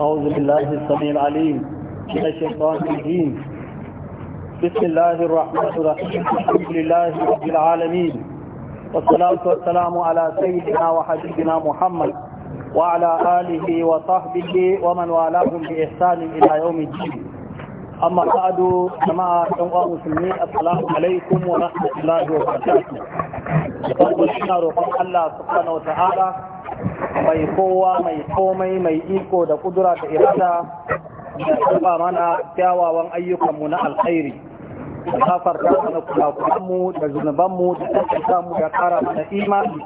أعوذ بالله السميع العليم من الشيطان الرجيم بسم الله الرحمن الرحيم الحمد لله رب العالمين والصلاة والسلام على سيدنا وحبيبنا محمد وعلى آله وصحبه ومن والاهم بإحسان إلى يوم الدين أما بعد جماعة المسلمين السلام عليكم ورحمة الله وبركاته. فقد الله سبحانه وتعالى mai kowa mai komai mai iko da kudura da irata da tuba mana kyawawan ayyukanmu na alkhairi da kafarta mana kurakuranmu da zunubanmu da tattata mu da kara mana imani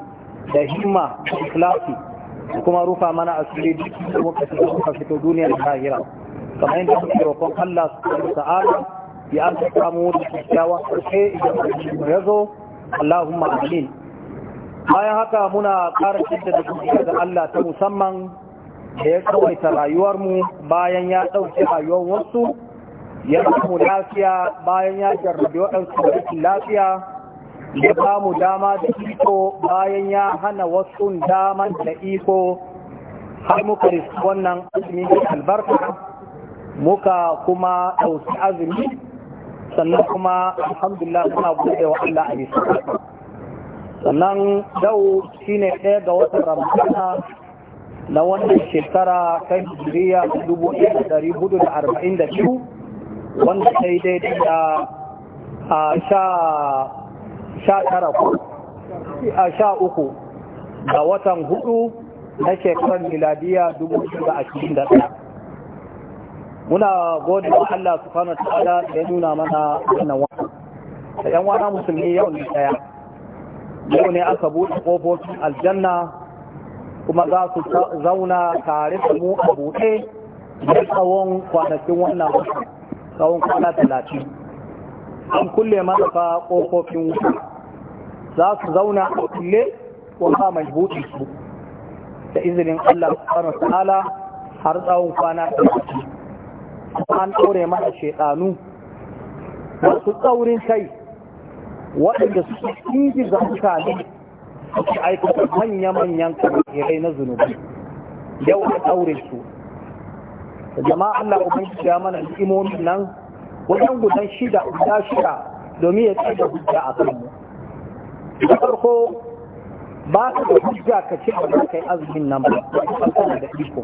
da himma da ikhlasi kuma rufa mana asiri duk da muka fito muka fito duniya da lahira kamar yadda muke roƙon Allah subhanahu wa ta'ala ya amsa mu da kyawawan sai idan ya Allahumma amin bayan haka muna ƙara cinta da duniya da Allah ta musamman da ya tsawaita rayuwarmu bayan ya ɗauki rayuwar wasu ya samu lafiya bayan ya jarrabe waɗansu rikin lafiya ya ba dama da iko bayan ya hana wasu dama da iko har muka risu wannan azumi albarka muka kuma ɗauki azumi sannan kuma alhamdulillah suna buɗewa wa Allah a bisa sannan shi shine ɗaya ga watan ramadana na wannan shekara ta hijiriya 1442 wanda ta yi daidai da a sha tara ku a sha uku ga watan hudu na shekarar miladiya 2021 muna godin Allah subhanahu wa ta'ala da ya nuna mana wannan wani da yan wana musulmi yau ne daya yau ne aka buɗe ƙofofin aljanna kuma za su zauna tare da mu a buɗe da tsawon kwanakin wannan wata tsawon kwana talatin an kulle masa ƙofofin wuta za su zauna a kulle kuma mai buɗe su da izinin Allah subhanahu ta'ala har tsawon kwana talatin an ɗaure mana shaidanu masu tsaurin kai waɗanda suke inji ga mutane suke aikata manya-manyan kabirai na zunubi yau a ɗaure su jama'a Allah ubangiji ya mana imomin nan wajen gudan shida guda shida domin ya tsaye da hujja a kanmu da farko ba ka da hujja ka ce ba za ka yi azumin nan ba ba ka da iko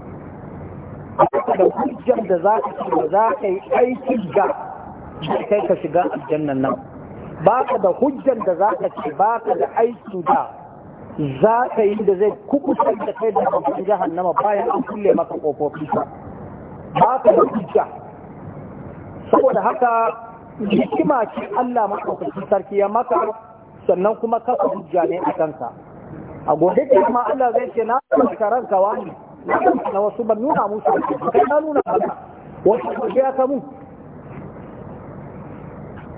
da hujjar da za ka ce ba za ka yi aikin ga kai ka shiga aljannan nan ba ka da hujjan da za ka ce ba ka da aiki da za ka yi da zai kukusar da kai da jihar nama bayan an kulle maka kofofi ba ka da hujja saboda haka hikima ce Allah maɗaukakin sarki ya maka sannan kuma kafa hujja ne a kanka a gobe ke kuma Allah zai ce na ɗauka ranka wani na wasu ban nuna musu kai na nuna maka wasu ya kamu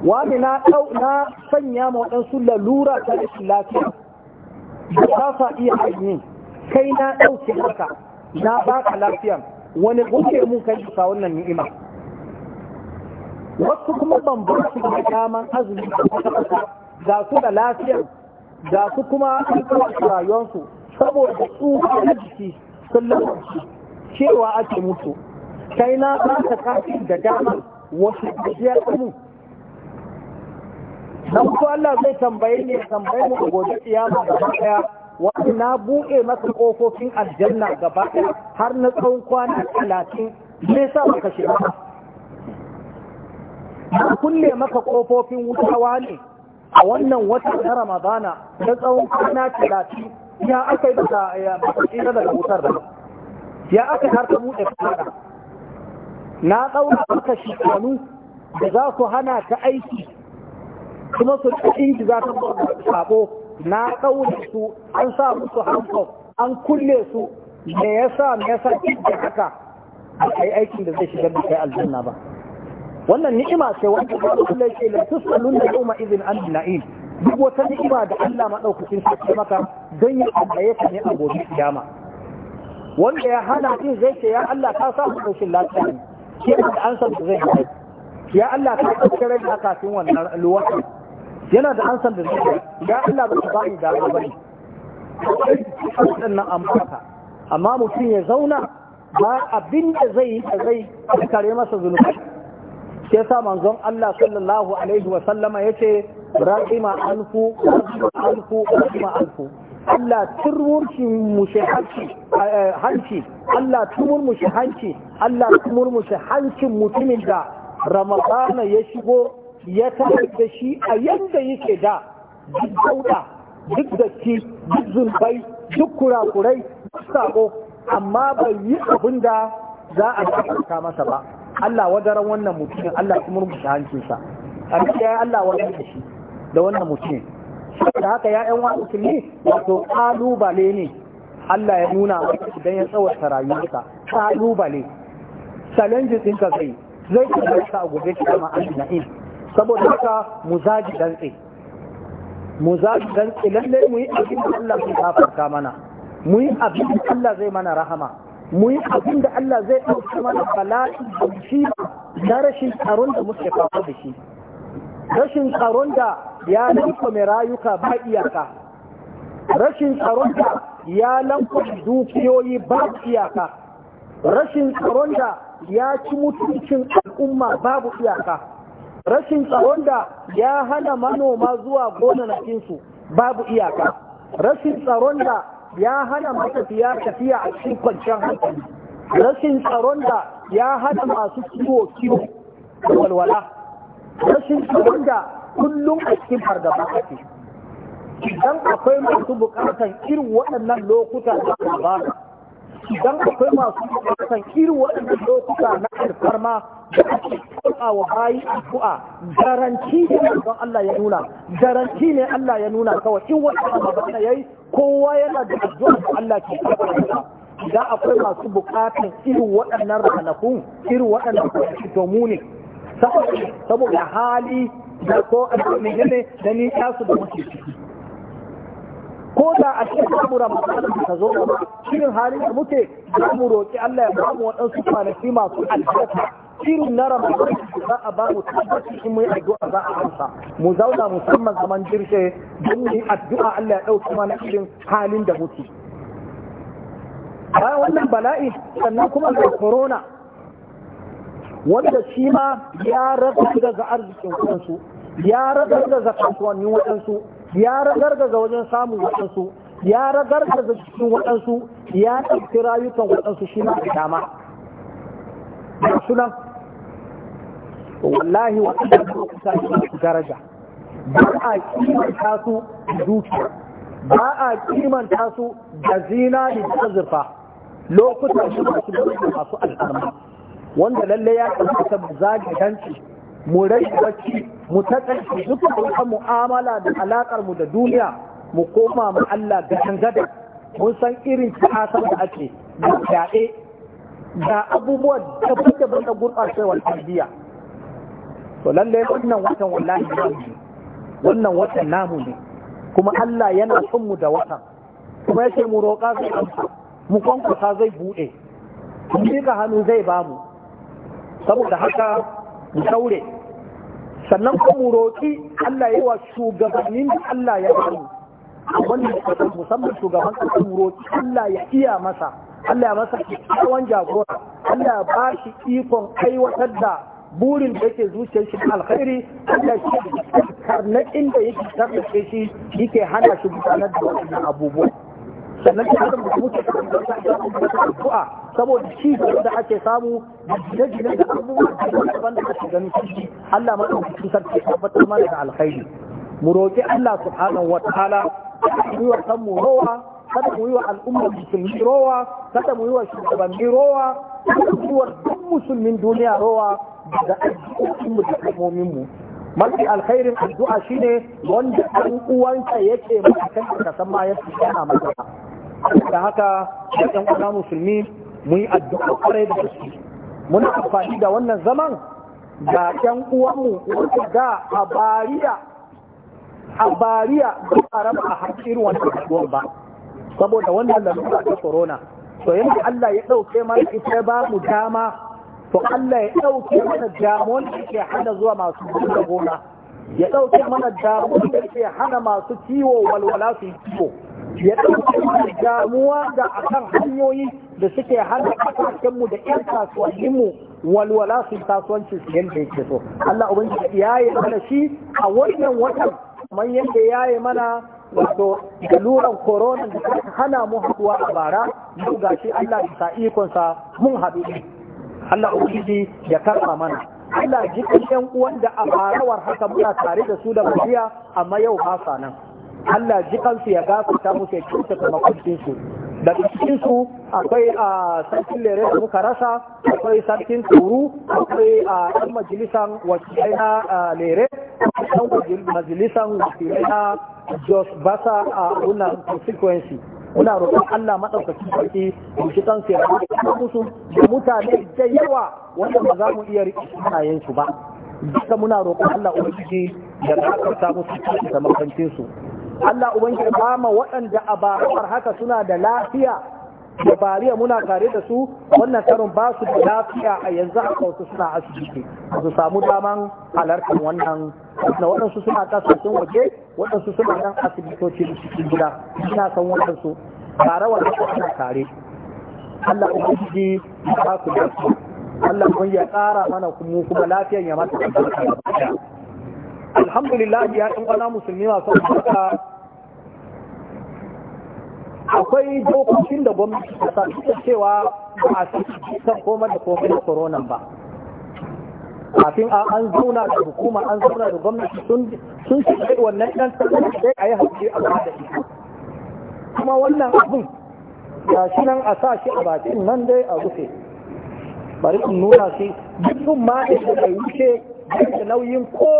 wani na ɗau na sanya ma waɗansu lalura ta rashin lafiya ba sa iya ainihin kai na ɗauke haka na baka lafiyar wani gobe mun kai ka wannan ni'ima wasu kuma ban ba su da daman azumi ga su da lafiyar ga su kuma rayuwarsu saboda tsufa na jiki sun lalata cewa ake mutu kai na ba ka da damar wasu gajiyar mu Na kuma Allah zai tambaye ni tambaye mu gobe kiyama gaba daya wani na buɗe masa ƙofofin aljanna gaba daya har na tsawon kwana talatin me yasa baka shiga na kulle maka ƙofofin wutawa ne a wannan wata na ramadana na tsawon kwana talatin ya aka yi baka tsira daga wutar da ya aka har ta buɗe kwana na tsawon maka shekaru da za ku hana ta aiki kuma su inji za ta sabo na ɗaure su an sa musu hankali an kulle su me yasa me yasa da haka a yi aikin da zai shigar da kai aljanna ba wannan ni'ima ce wanda Allah ya ce da tusalun yau ma'izin an na'im duk wata ni'ima da Allah madaukakin sarki maka don yi tambaye ka ne a gobe kiyama wanda ya hana din zai ce ya Allah ka sa mu rashin lafiya ne ke da an san zai ya Allah ka rai da kafin wannan luwata yana da ansan da zai ya Allah ba ta bani da ba ne sannan an amfaka amma mutum ya zauna ba abin da zai yi zai kare masa zunubi sai sa manzon Allah sallallahu alaihi wasallama sallama yace rahima alfu alfu rahima alfu Allah turmur shi mushe hanci Allah eh, turmur mushe hanci Allah turmur mushe mutumin da Ramadana ya shigo ya tarar da shi a yadda yake da duk dauda duk datti duk zulfai duk kurakurai duk sako amma bai yi abin da za a shafarta masa ba Allah wadaran wannan mutumin Allah ya murmusha hancinsa a ya Allah wadaran da shi da wannan mutumin da haka ya yan wani kulli wato kalubale ne Allah ya nuna maka idan ya tsawata rayuwarsa kalubale challenge ɗinka kai zai kuma a gobe shi kama an na'in saboda haka mu zagi dantse mu zagi dantse lalle mu yi abin da Allah zai gafarta mana mu yi abin da Allah zai mana rahama mu yi abin da Allah zai ɗauki mana bala'i da shi na rashin tsaron da muke fafa da shi rashin tsaron da ya lanko mai rayuka ba iyaka rashin tsaron da ya lanko dukiyoyi ba iyaka rashin tsaron da ya ci mutuncin al'umma babu iyaka rashin tsaron da ya hana manoma zuwa kinsu babu iyaka rashin tsaron da ya hana matafiya tafiya a cikin kwanciyar hankali rashin tsaron da ya hana masu kiwo kiwo da walwala rashin tsaron da kullum a cikin fargaba ake idan akwai masu bukatan irin waɗannan lokuta da ba idan akwai masu bukatan irin waɗannan lokuta na alfarma da ake kuɗa wa bayi addu'a garanti ne don Allah ya nuna garanti ne Allah ya nuna kawai in wata magana yayi kowa yana da addu'a da Allah ke karɓa idan akwai masu bukatan irin waɗannan ranakun irin waɗannan kwanaki to mu ne saboda hali da ko ne da ni su da muke ciki ko da a cikin samu ramadan ka zo shirin halin da muke za mu roƙi Allah ya bamu waɗansu kwanaki masu albarka shirin na ramadan za a ba mu tabbaci in mu yi addu'a za a amsa mu zauna musamman zaman jirge don yi addu'a Allah ya ɗauki mana irin halin da muke bayan wannan bala'i sannan kuma da corona wanda shi ma ya rasa daga arzikin kansu ya rasa daga kasuwannin waɗansu ya ragargaza wajen samun waɗansu ya ragargaza cikin waɗansu ya ɗauki rayukan waɗansu shi na dama sunan wallahi waɗanda kusa su daraja ba a kimanta su dukiya ba a kimanta su da zinari da zurfa lokutan shi masu masu al'arma wanda lalle ya kamata mu zagi danci mu rai bacci mu taƙaice duk wata mu'amala da alakar mu da duniya mu koma mu Allah gadan gadan mun san irin ta'asar da ake da fyaɗe da abubuwan daban-daban da gurɓacewar tarbiyya to lallai wannan watan wallahi namu ne wannan watan namu ne kuma Allah yana son mu da watan kuma yake mu roƙa zai amsa mu kwankwasa zai buɗe mu miƙa hannu zai bamu saboda haka mu daure sannan ko mu roƙi Allah yawa shugabannin da Allah ya bani wannan kasar musamman shugaban da mu roƙi Allah ya iya masa Allah ya masa tsawon jagora Allah ya ba shi ikon aiwatar da burin da yake zuciyar shi alkhairi Allah shi karnakin inda yake tarbace shi yake hana shi gudanar da wannan abubuwa sannan ta haka da muke addu'a saboda shi da ake samu da gine-gine da abubuwa daban da ake ganin shi Allah madaukakin sarki ya tabbatar mana da alkhairi mu roƙi Allah subhanahu wa kada mu yi wa kanmu rowa kada mu yi wa al'ummar musulmi rowa kada mu yi wa shugabanni rowa kada mu yi wa duk musulmin duniya rowa daga aiki mu da kalmomin mu mafi alkhairin addu'a shine wanda ɗan uwanka yake maka kan ka san ma yake yana maka da haka da ɗan uwa musulmi mu yi addu'a kare da gaske muna amfani da wannan zaman da ɗan uwanmu wanda da a bariya a bariya ba a raba a wannan addu'a ba saboda wannan lalura ta corona to yanzu Allah ya ɗauke mana ita ba mu dama to Allah ya ɗauke mana damuwar da ke hana zuwa masu buɗe gona ya ɗauke mana damuwar da ke hana masu ciwo walwala su yi ya ɗauke mana damuwa da akan hanyoyi da suke hana mu da ƴan mu walwala su yi kasuwanci su yanda yake so Allah ubangiji ya yi mana shi a wannan watan kamar yadda ya yi mana wato galuran korona da hana mu haɗuwa a bara mu gashi Allah bisa ikonsa mun haɗu Allah ubangiji ya karba mana Allah jikin yan uwan da a farawar haka muna tare da su da mutiya amma yau ba sa nan Allah jikan su ya gafarta musu ya kinta da makwabcin su daga cikin su akwai a sarkin lere da muka rasa akwai sarkin turu akwai a ɗan majalisan wakilai na lere ɗan majalisan wakilai na jos basa a wannan constituency muna roƙon Allah maɗaukaki sarki mu shi kansu ya kuma musu mutane da yawa wanda ba za mu iya riƙe su ba duka muna roƙon Allah ubangiji ya rakarta musu cikin su. Allah ubangiji ba ma waɗanda a haka suna da lafiya da bariya muna tare da su wannan karin ba su da lafiya a yanzu a kawo suna asibiti su samu daman halartar wannan na waɗansu suna kasashen waje waɗansu suna nan asibitoci da cikin gida ina san waɗansu tare wannan suna tare Allah ubangiji ba su lafiya Allah kun ya ƙara mana kuma kuma lafiyan ya mata alhamdulillah ya ɗan ƙwana musulmi masu albarka akwai dokokin da gwamnati ta sa suka cewa ba a san komar da kofin na corona ba kafin an zauna da hukuma an zauna da gwamnati sun shi kai wannan dan tsarin sai a yi hakuri a ba da ita kuma wannan abun ga shi nan a sa shi a bakin nan dai a rufe bari in nuna shi duk ma da bai wuce da nauyin ko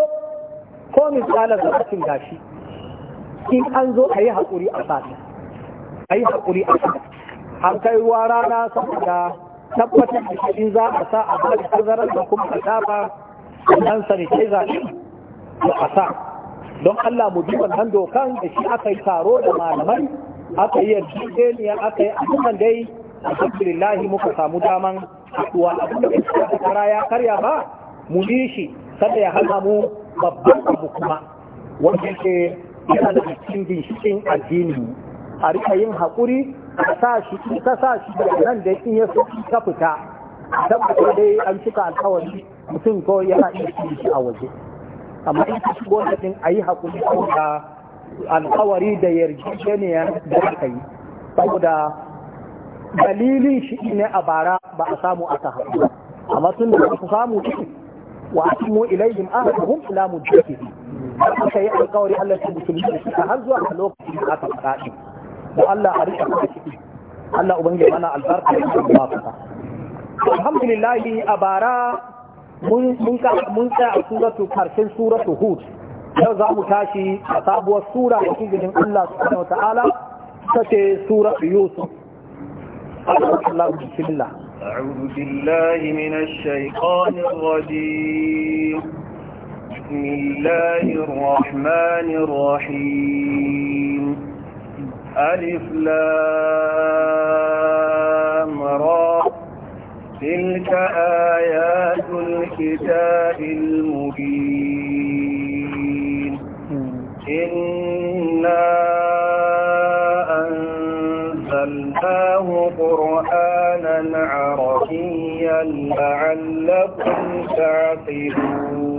ko misalar da cikin gashi in an zo a yi hakuri a sa Ayi hakuri haƙuri a kan har kai ruwa rana saboda tabbatar da shi za a sa a ba da tazarar da kuma a saba sanitai zaɓe a sa don Allah mu bi wannan dokan da shi aka yi taro da malamai aka yi yarjejeniya aka yi abubuwan dai alhamdulillah muka samu daman haɗuwa abin da kara ya karya ba mu bi shi kada ya hana mu babban abu kuma wanda ke yana da cikin ginshikin addini a rika yin haƙuri ka sa shi sa shi da nan da in ya so ka fita tabbata dai an cika alkawari mutum ko yana iya shi a waje amma in ka shigo da a yi haƙuri ko da alkawari da yarjejeniya da aka yi saboda dalilin shi ne a bara ba a samu aka haɗu amma tun da ku samu shi wa asimu ilayhim ahadahum ila mujtahidi aka yi alkawari Allah ya musulmi har zuwa lokacin da aka faɗa da Allah a rika kuma ciki Allah ubangiji mana albarka da kuma mafaka alhamdulillah a bara mun mun ka mun tsaya suratu karshen suratu hud yau za mu tashi a sabuwar sura da kigin Allah subhanahu ta ce suratu yusuf Allah bismillah أعوذ بالله من الشيطان الرجيم بسم الله الرحمن الرحيم ألف لام را تلك آيات الكتاب المبين إنا أنزلناه قرآنا عربيا لعلكم تعقلون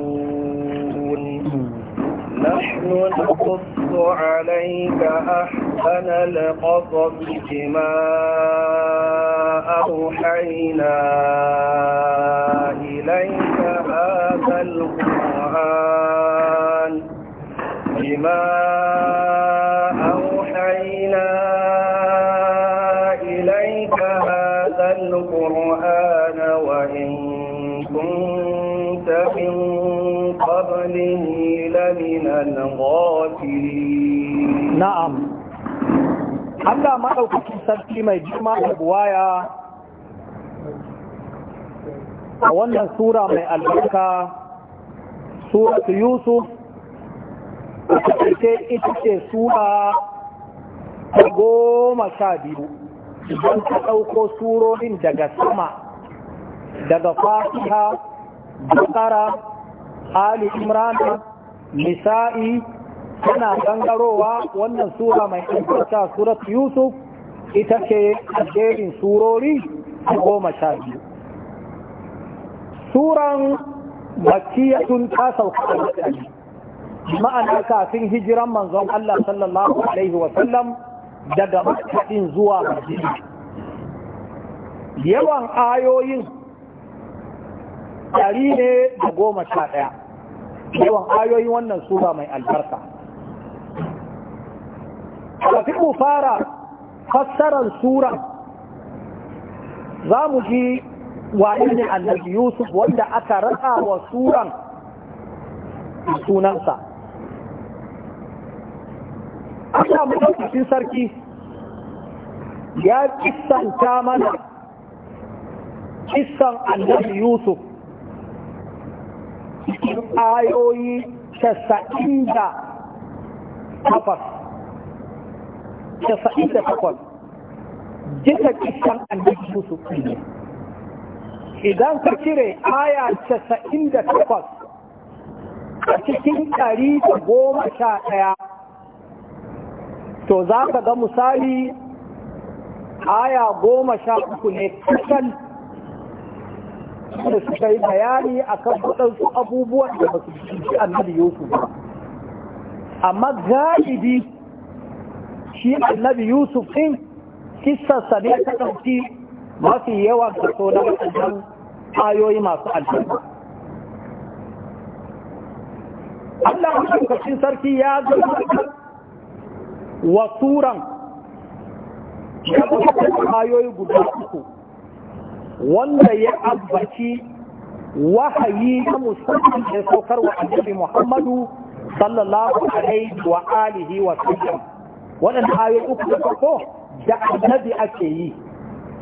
نحن نقص عليك أحسن القصص بما أوحينا إليك هذا القرآن بما أوحينا إليك هذا القرآن وإن كنت من قبله Na'am, الغافلين نعم Allah maɗaukakin sarki mai jima da buwaya a wannan Sura mai albarka, Sura Yusuf, ita ita ce Sura ta goma sha biyu, don ta ɗauko surorin daga sama, daga fatiha, bakara, Ali Imran, nisa'i tana gangarowa wannan sura mai ɗaukata surat yusuf ita ce ajerin surori a goma sha biyu suran makiyatun ta sauka a mutane ma'ana kafin hijiran manzon Allah sallallahu alaihi wasallam daga makaɗin zuwa madina yawan ayoyin ɗari ne da goma sha ɗaya yawan ayoyi wannan sura mai albarka kafin mu fara fassarar sura za mu ji wani ne annabi yusuf wanda aka rasa wa suran sunansa Allah mu sarki ya kistanta mana kisan annabi yusuf ayoyi tasa'in da takwas tasa'in da takwas jika kisan annabi musu ne idan ka cire aya casa'in da takwas a cikin ɗari da goma sha ɗaya to za ka ga misali aya goma sha uku ne kusan da suka yi bayani a kan waɗansu abubuwan da ba su shi annabi Yusuf ba. Amma galibi shi annabi Yusuf ɗin kisarsa ne ta ɗauki mafi yawan kaso na waɗannan ayoyi masu albarka. Allah maɗaukacin sarki ya zama wa turan ya ayoyi guda uku. wanda ya abbaci wahayi na musamman da saukar wa annabi Muhammadu sallallahu alaihi wa alihi wa sallam waɗanda ayoyi uku da farko da annabi ake yi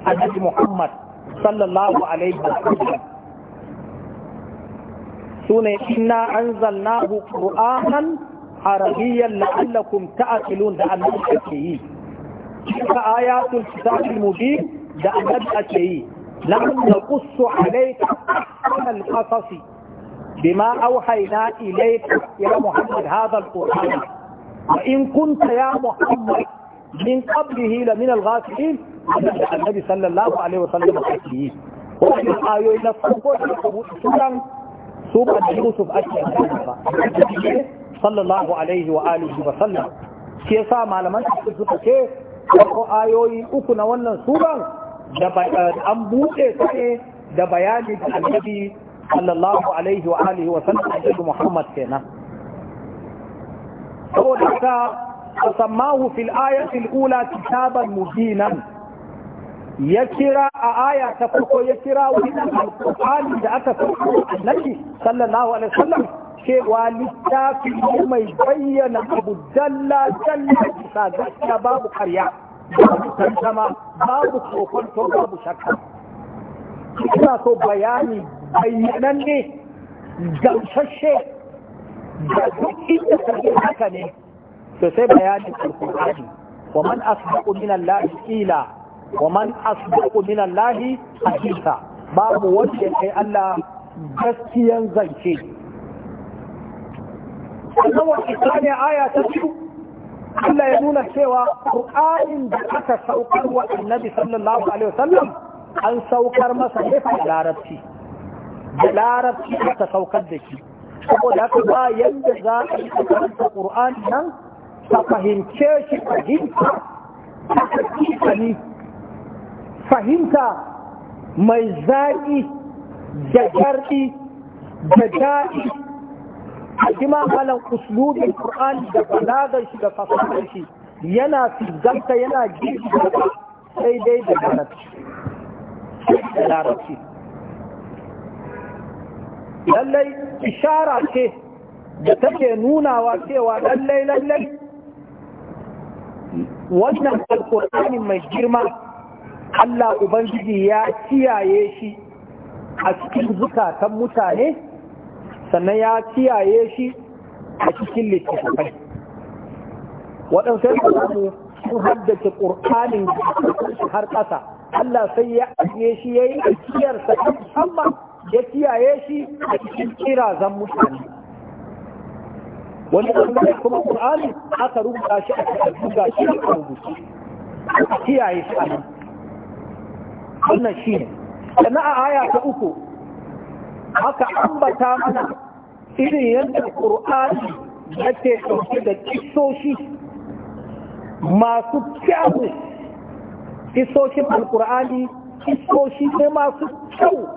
annabi Muhammad sallallahu alaihi wa sallam sune inna anzalnahu qur'anan arabiyyan la'allakum ta'qilun da annabi ake yi ka ayatul kitabil mubin da annabi ake yi نحن نقص عليك أحسن القصص بما أوحينا إليك يا محمد هذا القرآن وإن كنت يا محمد من قبله لمن الغافلين النبي صلى الله عليه وسلم حكيه وفي الآية إلى سورة سورة يوسف أشياء صلى الله عليه وآله وسلم shi yasa malaman suka ce ko ayoyi uku na wannan suran an buɗe ta ne da bayani da annabi sallallahu alaihi wa alihi wa sallam annabi Muhammad kenan saboda ka fasammahu fil ayatil ula kitaban mubinan ya kira a aya ta farko ya kira wannan alqur'ani da aka farko annabi sallallahu alaihi wa sallam cewa littafi mai bayyana abu dalla dalla bisa gaskiya babu karya babu tantama babu kokonto babu shakka ina so bayani bayyananne gamsashe da duk inda sarki haka ne to sai bayanin alkur'ani wa man asdaqu min Allah wa man asdaqu min Allah hadisa babu wanda ya kai Allah gaskiyan zance sannan wa isani aya ta biyu Allah ya nuna cewa Qur'anin da aka saukar wa Annabi sallallahu alaihi wasallam an saukar masa ne da larabci da larabci aka saukar da shi saboda haka ba yanda za a yi karanta Qur'ani nan ta fahimce shi fahimta ta fahimta mai zaƙi da jarɗi, da daɗi hikima malam uslubin qur'ani da balagar shi da fasahar shi yana fizganta yana girgiza sai dai da larabci lallai ishara ce da take nunawa cewa lallai lallai wannan alkur'ani mai girma Allah Ubangiji ya kiyaye shi a cikin zukatan mutane sannan ya kiyaye shi a cikin littattafai waɗansu yadda za su sun haddace ƙurƙanin har ƙasa Allah sai ya ajiye shi ya yi ajiyarsa ta musamman ya kiyaye shi a cikin kirazan mutane wani ɓangare kuma ƙur'ani aka rubuta shi a cikin buga shi a rubuce aka kiyaye shi a nan wannan shi ne sannan a aya ta uku haka ambata mana irin yadda ƙur'ani yake ɗauke da kisoshi masu kyau kisoshin alƙur'ani kisoshi ne masu kyau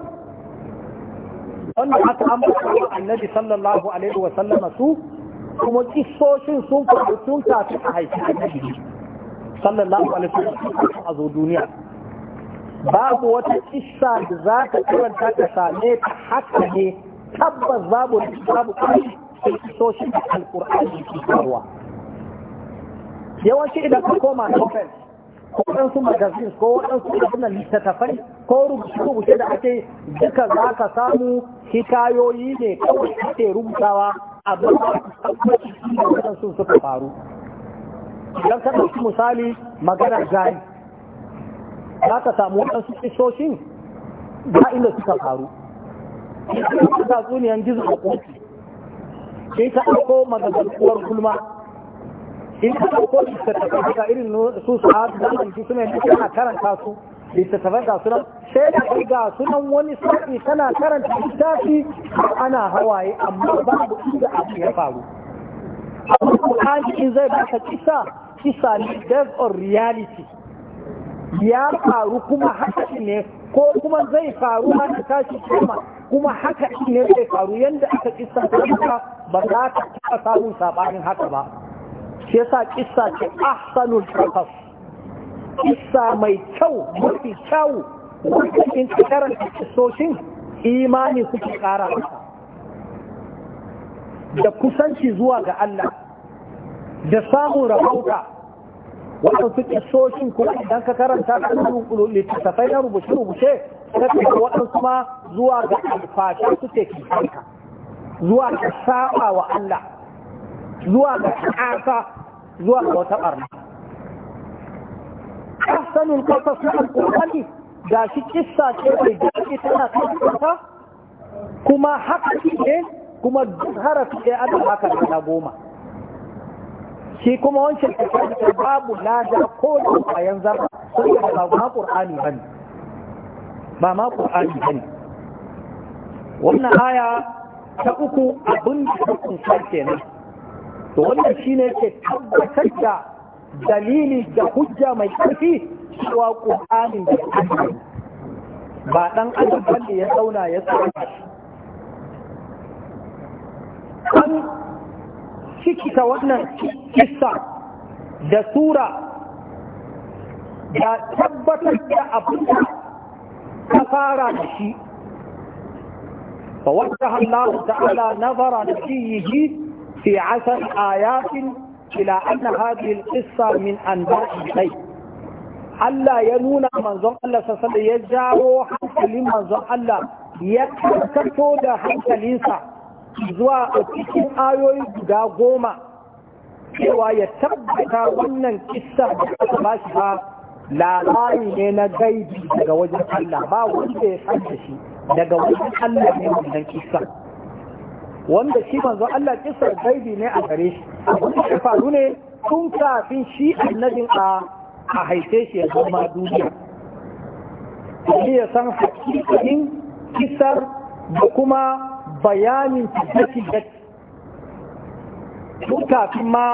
wanda aka ambata wa annabi sallallahu alaihi wa sallama su kuma kisoshin sun faru sun tafi a haifi annabi sallallahu alaihi wa sallama a zo duniya babu wata isa da za ka kiranta ka same ta haka ne tabbas babu babu kai sai kisoshin alkur'ani ke karwa yawanci idan ka koma novels ko ɗansu magazines ko waɗansu ɗabinan littattafai ko rubuce-rubuce da ake duka za ka samu hikayoyi ne kawai ake rubutawa a tabbaci da waɗansu suka faru idan ka ɗauki misali maganar jari za ka samu waɗansu kishoshin ba inda suka faru sai ka tsuniyan gizo a kofi sai ka ɗauko magagantuwar gulma in ka ɗauko littattafai ga irin su su haɗu da su suna yanzu kana karanta su littattafai ga sunan sai da kai ga sunan wani sa'i tana karanta littafi ana hawaye amma babu inda abu ya faru amma Qur'ani in zai baka kisa kisa ne death or reality ya faru kuma haka ne ko kuma zai faru haka tashi kuma kuma haka ne zai faru yanda aka kissa ta haka ba za ka kika samun sabanin haka ba shi yasa kissa ce ahsanul qasas kissa mai kyau mafi kyau wanda in ka karanta imani kuke ƙara da kusanci zuwa ga Allah da samun rahauta wannan su kisoshin kuma idan ka karanta littattafai na rubuce-rubuce ta ce waɗansu ma zuwa ga alfashe suke kisanka zuwa ga saba wa Allah zuwa ga ƙasa zuwa ga wata ɓarna ahsanul su na alqur'ani ga shi kissa ce mai daɗi tana kanta kuma haka ne kuma duk harafi ɗaya ana haka na goma shi kuma wancan da babu lada ko da bayan zama sun yi ba ma ba ne ba ma ba ne wannan aya ta uku abin da ta kunsa nan, to wannan shine ke tabbatar da dalili da hujja mai ƙarfi cewa ƙur'ani da ƙarfi ba dan adam ya zauna ya tsara shi. cikita wannan kissa da sura da tabbatar da abin ta fara da shi فوجه الله تعالى نظر نبيه في عشر آيات إلى أن هذه القصة من أنباء الغيب ألا ينون منظر الله صلى الله عليه وسلم يجعو حتى لمنظر الله يكتب حتى لنسى zuwa a cikin ayoyi guda goma cewa ya tabbata wannan kista da aka ba shi ba labari ne na gaibi daga wajen Allah ba wanda ya san da shi daga wajen Allah ne wannan kista wanda shi manzo Allah kisar gaibi ne a gare shi abin da faru ne tun kafin shi annabin a a haife shi ya zama duniya shi ya san hakikanin kisar da kuma bayanin tabbati tun kafin ma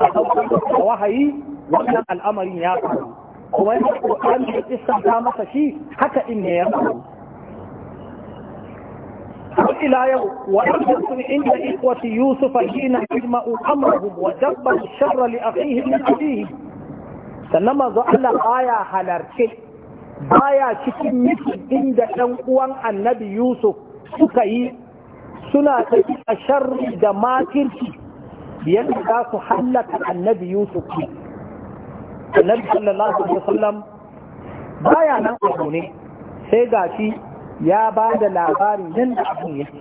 a ɗaukar da wahayi wannan al'amarin ya faru kuma yana ƙoƙarin da isan ta masa shi haka in ne ya faru har ila yau waɗanda sun inda ikwati yusuf hina ijma'u amrahum wa dabbar sharra li akhihi min abihi sannan manzo Allah baya halarce baya cikin miki inda ɗan uwan annabi yusuf suka yi suna tafi a sharri da makirci yadda za su hallaka annabi yusuf ne annabi sallallahu alaihi wasallam baya nan abu ne sai gashi ya ba da labarin yadda abun yake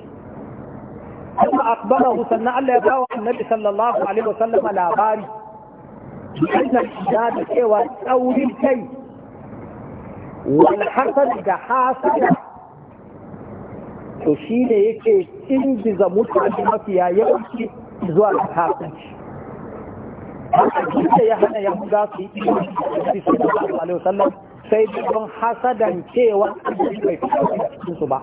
kuma akbarahu sannan Allah ya bawa annabi sallallahu alaihi wasallam labari da da cewa tsaurin kai wal hasad da hasada to shi ne yake ingiza mutane mafiya yawanci zuwa ga kasanci haka ya hana yan za su yi ilimi su da alaihi wasallam sai don hasadan cewa bai fi su ba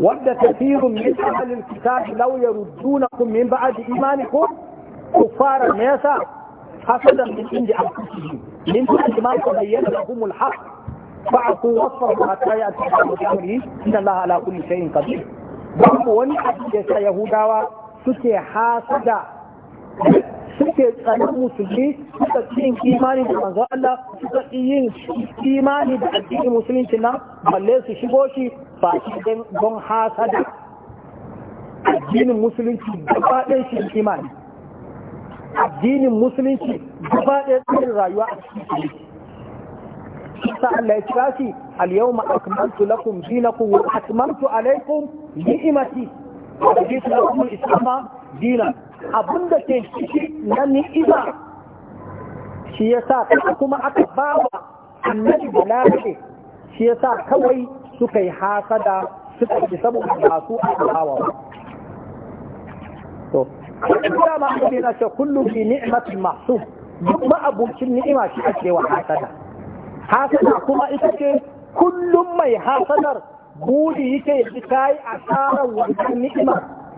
wadda tafirun min ahalin kitabi law kun min ba aji ba'di imanikum kuffara me yasa hasadan min a anfusihim min ba'di ma tabayyana lahumul haqq بعث وصفه حتى يأتي بأمره إن الله على كل شيء قدير babu wani abu da ta yahudawa suke hasada suke tsanin musulmi suka yin imani da manzo Allah suka yin da addinin musulunci nan balle su shigo shi ba shi don hasada addinin musulunci gaba ɗaya shi imani addinin musulunci gaba ɗaya tsarin rayuwa a cikin sa Allah ya kira shi al-yawma akmaltu lakum dinakum wa atmamtu alaykum ni'mati wa raditu lakum al-islam dinan ke ciki na ni'ima shi yasa kuma aka bawa annabi balashi shi yasa kawai suka yi hasada suka yi saboda masu alawa to kuma ma annabi na ce kullu bi ni'mati mahsub ma ma abucin ni'ima shi ake wa hasada hasada kuma ita ce kullum mai hasadar buri yake yi ta yi asarar wannan ni'ima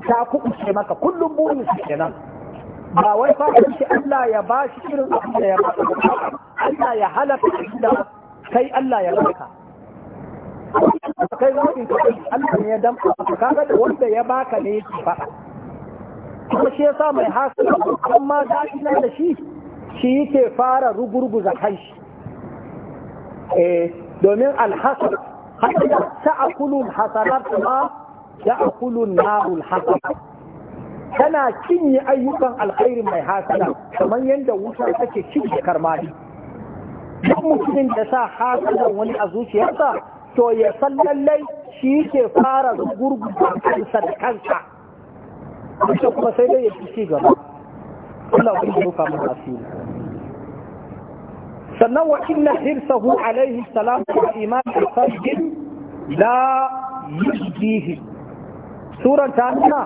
ta kuɗi ce maka kullum burin su nan. ba wai fatan shi Allah ya ba shi irin abin da ya ba Allah ya halaka da kai Allah ya baka kai zaɓin ka Allah ne ya damfa kaga da wanda ya baka ne yake faɗa kuma shi yasa mai hasada kan ma da shi shi yake fara rugurguza kanshi eh domin alhasar a ta'kulul hasarat ma kulun narul hasar tana cinye ayyukan alkhairi mai hasara kamar yadda wuta take cinye karmani duk mutumin da sa hasadan wani a zuciyarsa to ya san lallai shi ke fara gurgurta kansa da kansa kuma sai dai ya fi ci gaba Allah ya rufa mana asiri sannan wa inna hirsahu alaihi salam wa iman al-sajid la yujdihi suran ta nuna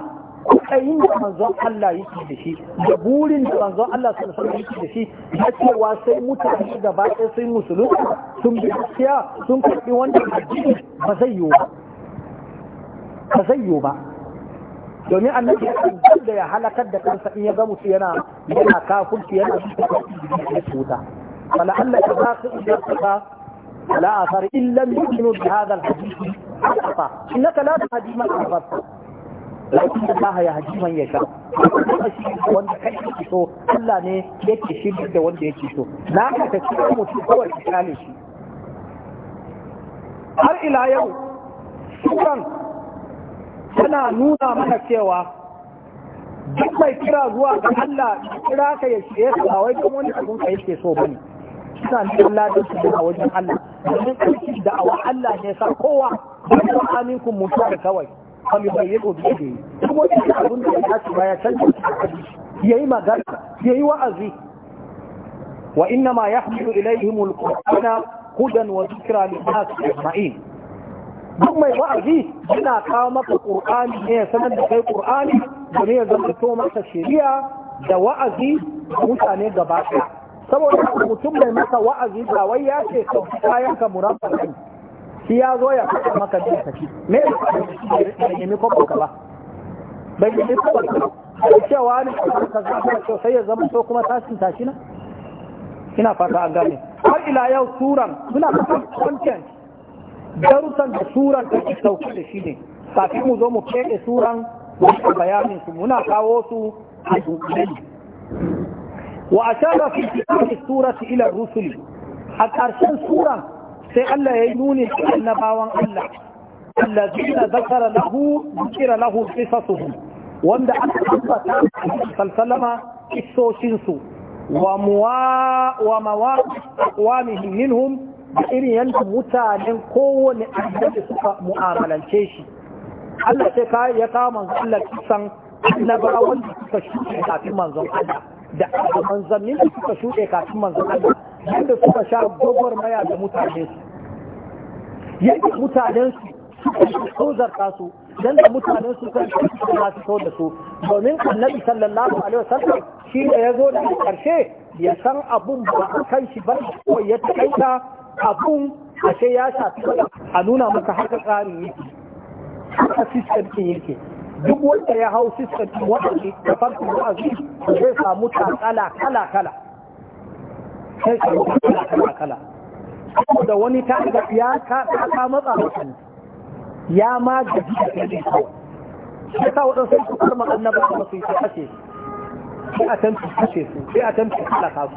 kudayin da manzon Allah yake da shi da burin da manzon Allah sallallahu alaihi yake da shi ce wa sai mutane da ɗaya sai musulunci sun bi gaskiya sun karɓi wanda ba zai yiwu ba ba zai yiwu ba domin annabi ya kan da ya halakar da kansa in ya ga mutu yana yana kafurci yana shi da wuta فلعلك الى نفسك على اثر ان لم يؤمنوا بهذا الحديث خطا انك لا تهدي من احببت لكن الله يهدي من يشاء wanda kai yake الا Allah ne yake shirya da wanda yake so na ka ta ci mutum har ila yau sukan tana nuna mana cewa duk mai kira zuwa ga Allah kira ka ya shirye ka wai kuma wani abun ka yake so bane suna neman ladan su wajen Allah domin aiki da awa Allah ne sa kowa da aminkum mutar kawai fa mi bayyana bi yadihi kuma wani abin da ya ci baya canza yayi magana yi wa'azi wa inna ma yahmilu ilaihim alqur'ana hudan wa dhikra lin-nas ajma'in duk mai wa'azi yana kawo maka ƙur'ani ne ya sanar da kai ƙur'ani domin ya zama to masa shari'a da wa'azi mutane gaba ɗaya saboda mutum mai maka wa'azi ba wai ya ce sau kayan ka murabba kai shi ya zo ya fata maka jin kashi me ya da nemi kwakwa ka ba bai yi kwakwa ka ba cewa ne ka zama kyau sosai ya zama so kuma tashin tashi na ina fata an gane har ila yau suran suna kasar kwanciyar darussan da suran ta ke sauka da shi ne kafin mu zo mu fede suran wani bayanin su muna kawo su a dukkan wa ashara fi ikhtisari surati ila rusuli akarshan sura sai Allah ya yi nuni annabawan Allah allazina zakara lahu zikira lahu qisasuhum wanda aka ambata sallama kisoshin su wa muwa wa mawa wa mihim irin yanda mutanen kowane annabi suka mu'amalance shi Allah sai ya kama Allah kisan annabawan da suka shi kafin manzon Allah da manzannin da suka shuɗe kafin manzan Allah yadda suka sha gogor maya da mutane su yadda mutanen su suka tozarta su dan da mutanen su kan suna fito da su domin annabi sallallahu alaihi wasallam shi da ya zo da karshe ya san abun ba a kan shi ba ko ya taƙaita abun ashe ya shafi a nuna maka haka tsarin yake haka system ɗin yake duk wanda ya hau sistan waɗanda da farkon wa'azi zai samu takala kala kala sai samu takala kala kala saboda wani ta ga ya ka ta matsa mutane ya ma gaji da kai kawai ya sa waɗansu su karma annaba kuma su yi ta kashe sai a tantu kashe su sai a tantu halaka su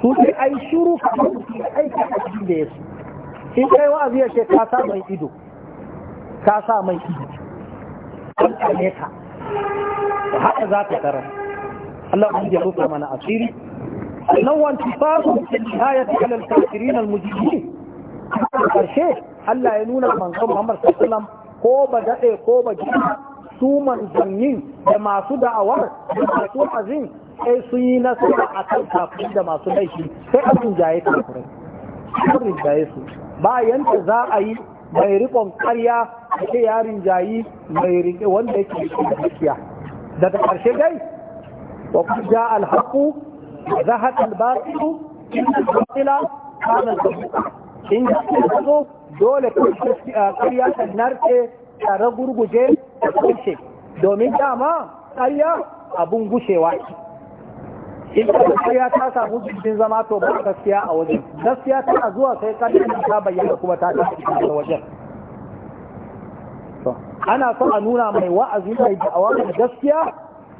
su sai ai shiru kamar su aiki a cikin da ya su in kai wa'azi ya ce ka sa mai ido ka sa mai ido an kame ka da haka za ta tarar Allah ya rufe mana asiri Nan wanti fasu da nihayat alal kafirin al mujrimin karshe Allah ya nuna manzon Muhammad sallallahu alaihi wasallam ko ba dade ko ba gina su manzannin da masu da'awar da masu azin sai sun yi nasara a kan kafin da masu laifi sai a sun jaye kafirai sun rinjaye su Ba da za a yi mai riƙon karya ake yarin jayi mai rike wanda yake gaskiya daga ƙarshe dai wa kuma ja alhaqu zahat albatilu in albatila kana zabuka in gaskiya zo dole ku ƙarya ta narke tare gurguje da kushe domin dama ƙarya abun gushewa in gaskiya ta samu jirgin zama to ba gaskiya a wajen gaskiya tana zuwa sai ƙarya ta bayyana kuma ta tafi a wajen ana so a nuna mai wa'azi mai da'awa da gaskiya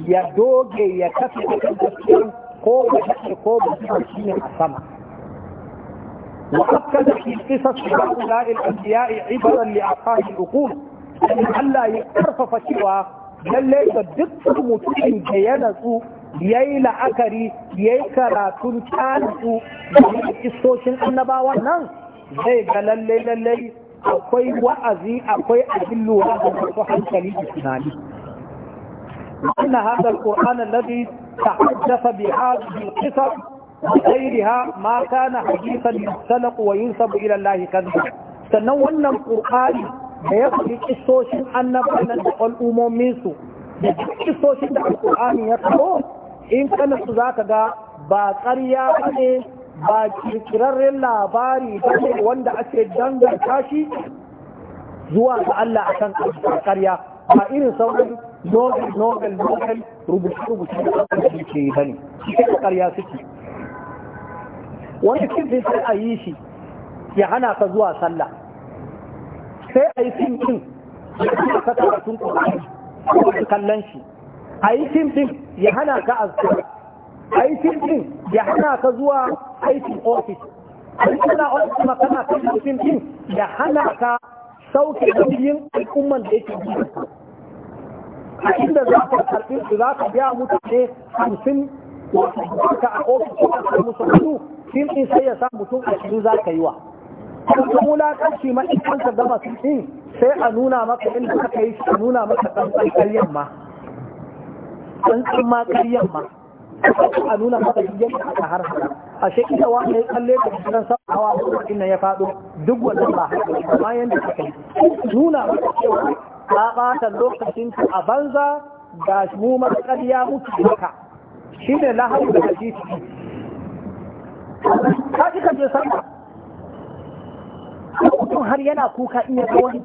ya doge ya kafe a kan gaskiya ko ba shi ko ba shi shi ne a sama a في قصص هؤلاء الأنبياء عبرا لأصحاب العقول Allah ألا karfafa cewa lallai ga dukkan mutumin da ya natsu ya yi la'akari ya yi karatun ta da kistocin annabawan nan zai ga lallai lallai akwai wa’azi akwai abin lura da masu hankali da tunani. Ina haɗar ƙor'anar lafi ta haddasa bi ha biyu kisa ɗairi ha mata na hadisan sana ƙuwayin sabu ilan lahi kanta. Sannan wannan ƙor'ani da ya fi ƙisoshin annabannan da al’ummominsu, da ƙisoshin da al’ur'ani ya kaso, in kanasu za ka ga ba ƙarya ba ne ba kirkirarren labari ba wanda ake danganta shi zuwa ga Allah a kan karya ba irin sauran nobel nobel nobel rubuce-rubuce da aka yi ke ba ne shi da karya suke wani kirkin sai a yi shi ya hana ka zuwa sallah sai a yi fim din ya saka ka karatun kuɗi kallon shi a yi fim din ya hana ka azkar a yi fim din ya hana ka zuwa aikin ofis kana ofis ma kana kai mutum din da hana ka sauke nauyin al'umman da yake biyu a inda za ka karɓi za ka biya mutane hamsin ka a ofis ko ka samu sauƙi fim ɗin sai ya sa mutum ashirin za ka yi wa kuma wulaƙanci ma in kanka gama su ɗin sai a nuna maka inda aka yi a nuna maka ɗanɗan ƙaryan ma ɗanɗan ma ƙaryan ma a nuna maka yadda aka har a shekida wanda ya kalle da cikin sabawa lokacin nan ya faɗo duk wannan ba bayan da ta kai nuna maka cewa ta ɓata lokacin ka a banza ga mu matsakar ya mutu haka shi ne na hau da kaji ka ji ka je sama mutum har yana kuka in ya ga wani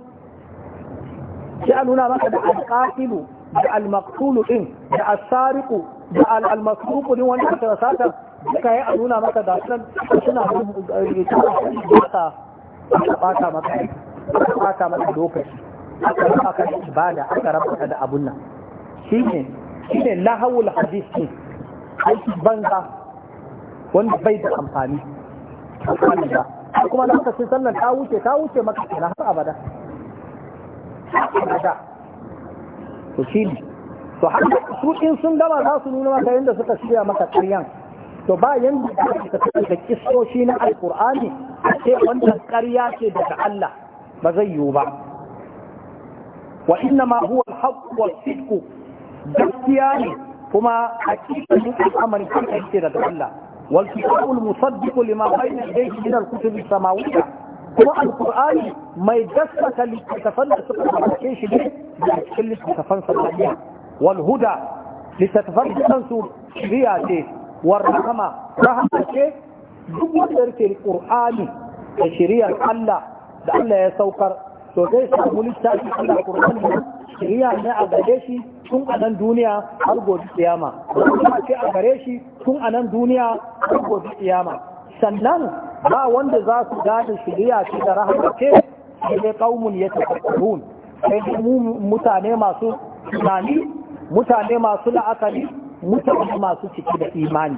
sai a nuna maka da alƙafilu da almaktulu ɗin da asariku da almasruku din wani a satar. suka yi a nuna maka da suna eh, bata maka maka lokaci aka raba ka da aka raba ka da abun nan shine shine lahawul hadis ne aiki banza wanda bai da amfani kuma lokacin sannan ta wuce ta wuce maka kenan har abada to shi to har su in sun gama za su nuna maka yadda suka shirya maka ƙaryan to bayan da da kisoshi na alkur'ani ce wannan karya ce daga Allah ba zai yiwu ba wa inna ma huwa al-haqq wal gaskiya ne kuma hakikanin al'amari kan yake daga Allah wal kitabul musaddiq lima bayna yadayhi min al-kutub samawiyya kuma alkur'ani mai gaskata littattafan da suka gabace shi ne da cikin littattafan samaniya wal huda littattafan da kansu shiriya ce war rahama rahama ce duk wanda yake qur'ani da shiriyar Allah da Allah ya saukar to zai samu littafi Allah qur'ani shiriya ne a gare shi tun a nan duniya har gobe kiyama rahama ce a gare shi tun a nan duniya har gobe tsiyama sannan ba wanda za su gane shiriya ce da rahama ce sai kaumun yatafakkarun sai mutane masu tunani mutane masu la'akari mutane masu ciki da imani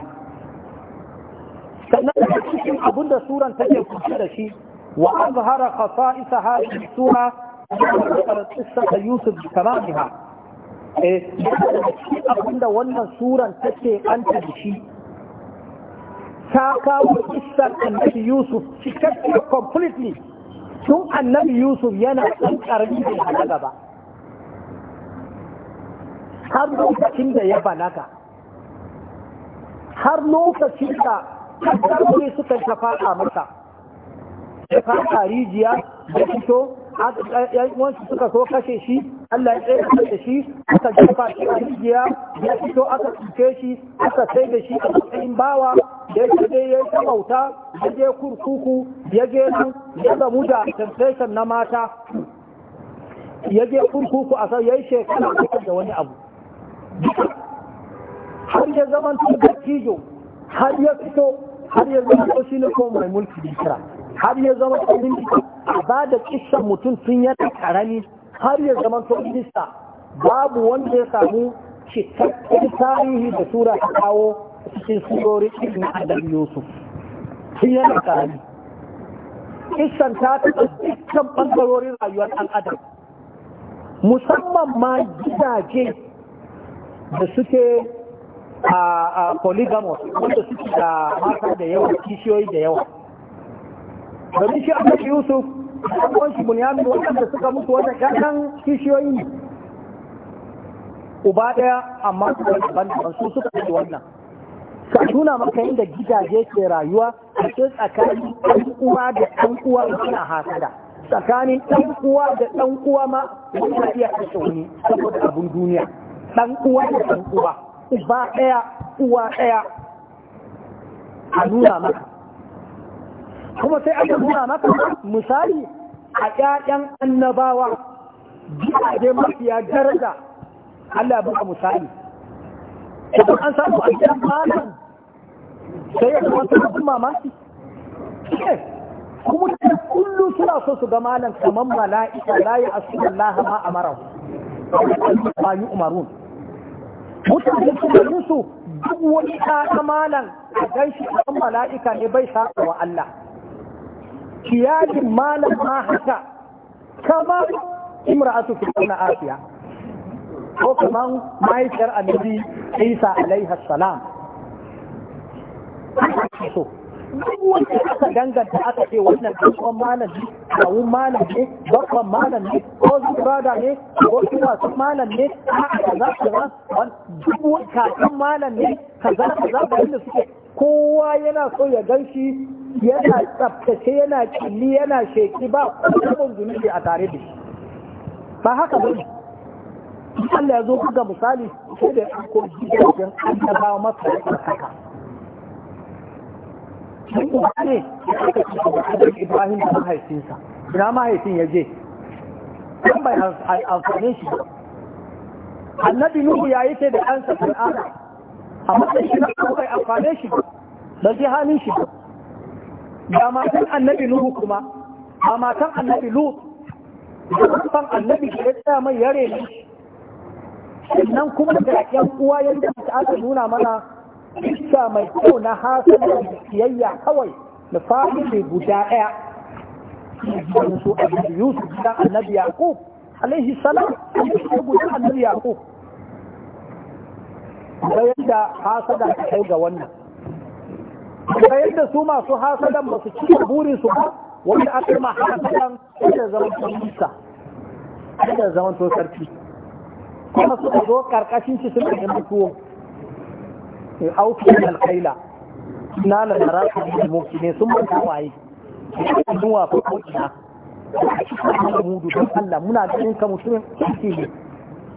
sannan da cikin abin da suran take kusa da shi wa azhara khasa'isa hadhihi sura qissata yusuf bi tamamiha eh abin da wannan suran take anta da shi ta kawo kissar annabi yusuf cikakke completely tun annabi yusuf yana ɗan ƙarfi da halaga ba har lokacin da ya balaga har lokacin da kasarori suka ta fada mata, ya rijiya da fito wansu suka so kashe shi Allah ya tsaye da shi aka jefa shi a rijiya ya fito aka cuce shi aka sai da shi a matsayin bawa ya je ya ta bauta ya je kurkuku ya je nan ya zamu da temptation na mata ya je kurkuku a sau ya yi shekara da wani abu har ya zama dattijo har ya fito har ya zama shi ne ko mai mulki kira har ya zama tsohon ba da kishan mutum sun yana karami har ya zama tsohon babu wanda ya samu cikakken tarihi da sura ta kawo cikin surori ibn adam yusuf tun yana karami kishan ta taɓa dukkan ɓangarorin rayuwar ɗan adam musamman ma gidaje da suke a polygamous wanda suke da mata da yawa kishiyoyi da yawa domin shi annabi yusuf abubuwan shi bunyamin wadanda suka mutu wata ƴaƴan kishiyoyi ne uba ɗaya amma su wani ban da su suka yi wannan ka tuna maka inda gidaje ke rayuwa a ce tsakanin ɗan uwa da ɗan uwa suna hasada tsakanin ɗan uwa da ɗan uwa ma yana iya kashe wani saboda abun duniya ɗan uwa da ɗan uwa uba ɗaya uwa ɗaya a nuna maka kuma sai aka nuna maka misali a ƴaƴan annabawa gidaje mafiya daraja Allah ba misali idan an samu a gidan malam sai ya kuma abin mamaki kuma da kullu suna so su ga malam kamar mala'ika la ya asu Allah ma amara ba ni umarun mutane suka musu duk wani ɗaɗa malam a gan shi ɗan mala'ika ne bai saɓa wa Allah kiyalin malam ma haka kama imra'atu fir'auna asiya ko kama mahaifiyar annabi Isa alaihi salam so duk wanda aka danganta aka ce wannan dukkan malam ne kawun malam ne babban malam ne ko zubrada ne ko kuma sun malam ne a'a kaza kaza duk kakan malam ne kaza kaza da inda suke kowa yana so ya gan shi yana tsaftace yana killi yana sheki ba kuma zunubi a tare da shi ba haka ba ne Allah ya zo buga misali sai da ya ko gidajen annabawa masa da kaka. sun kuma ne suka ci gaba adam ibrahim da mahaifinsa ina mahaifin ya je dan bai amfane shi annabi nuhu ya yi ta da ɗansa kan'ana a matsayin shi na bai amfane shi ba ji hannun shi ba matan annabi nuhu kuma a matan annabi lu da kusan annabi ya tsaya mai yare ne sannan kuma da yan uwa yadda aka nuna mana iska mai kyau na hasan da siyayya kawai da fahimci guda ɗaya da su annabi su gidan annabi yaqub alaihi salam da gudan annabi yaqub ga yadda hasada ta kai ga wannan ga yadda su masu hasadan ba su cika burin su ba wanda aka yi ma hasadan da zaman tsohonsa da zaman tsohon sarki kuma suka zo karkashin shi suna yin mutuwa Eh, auki alkaila na lallara ka yi mutu ne sun manta waye sun wafa ko ina da mudu don Allah muna ganin ka mutumin kirki ne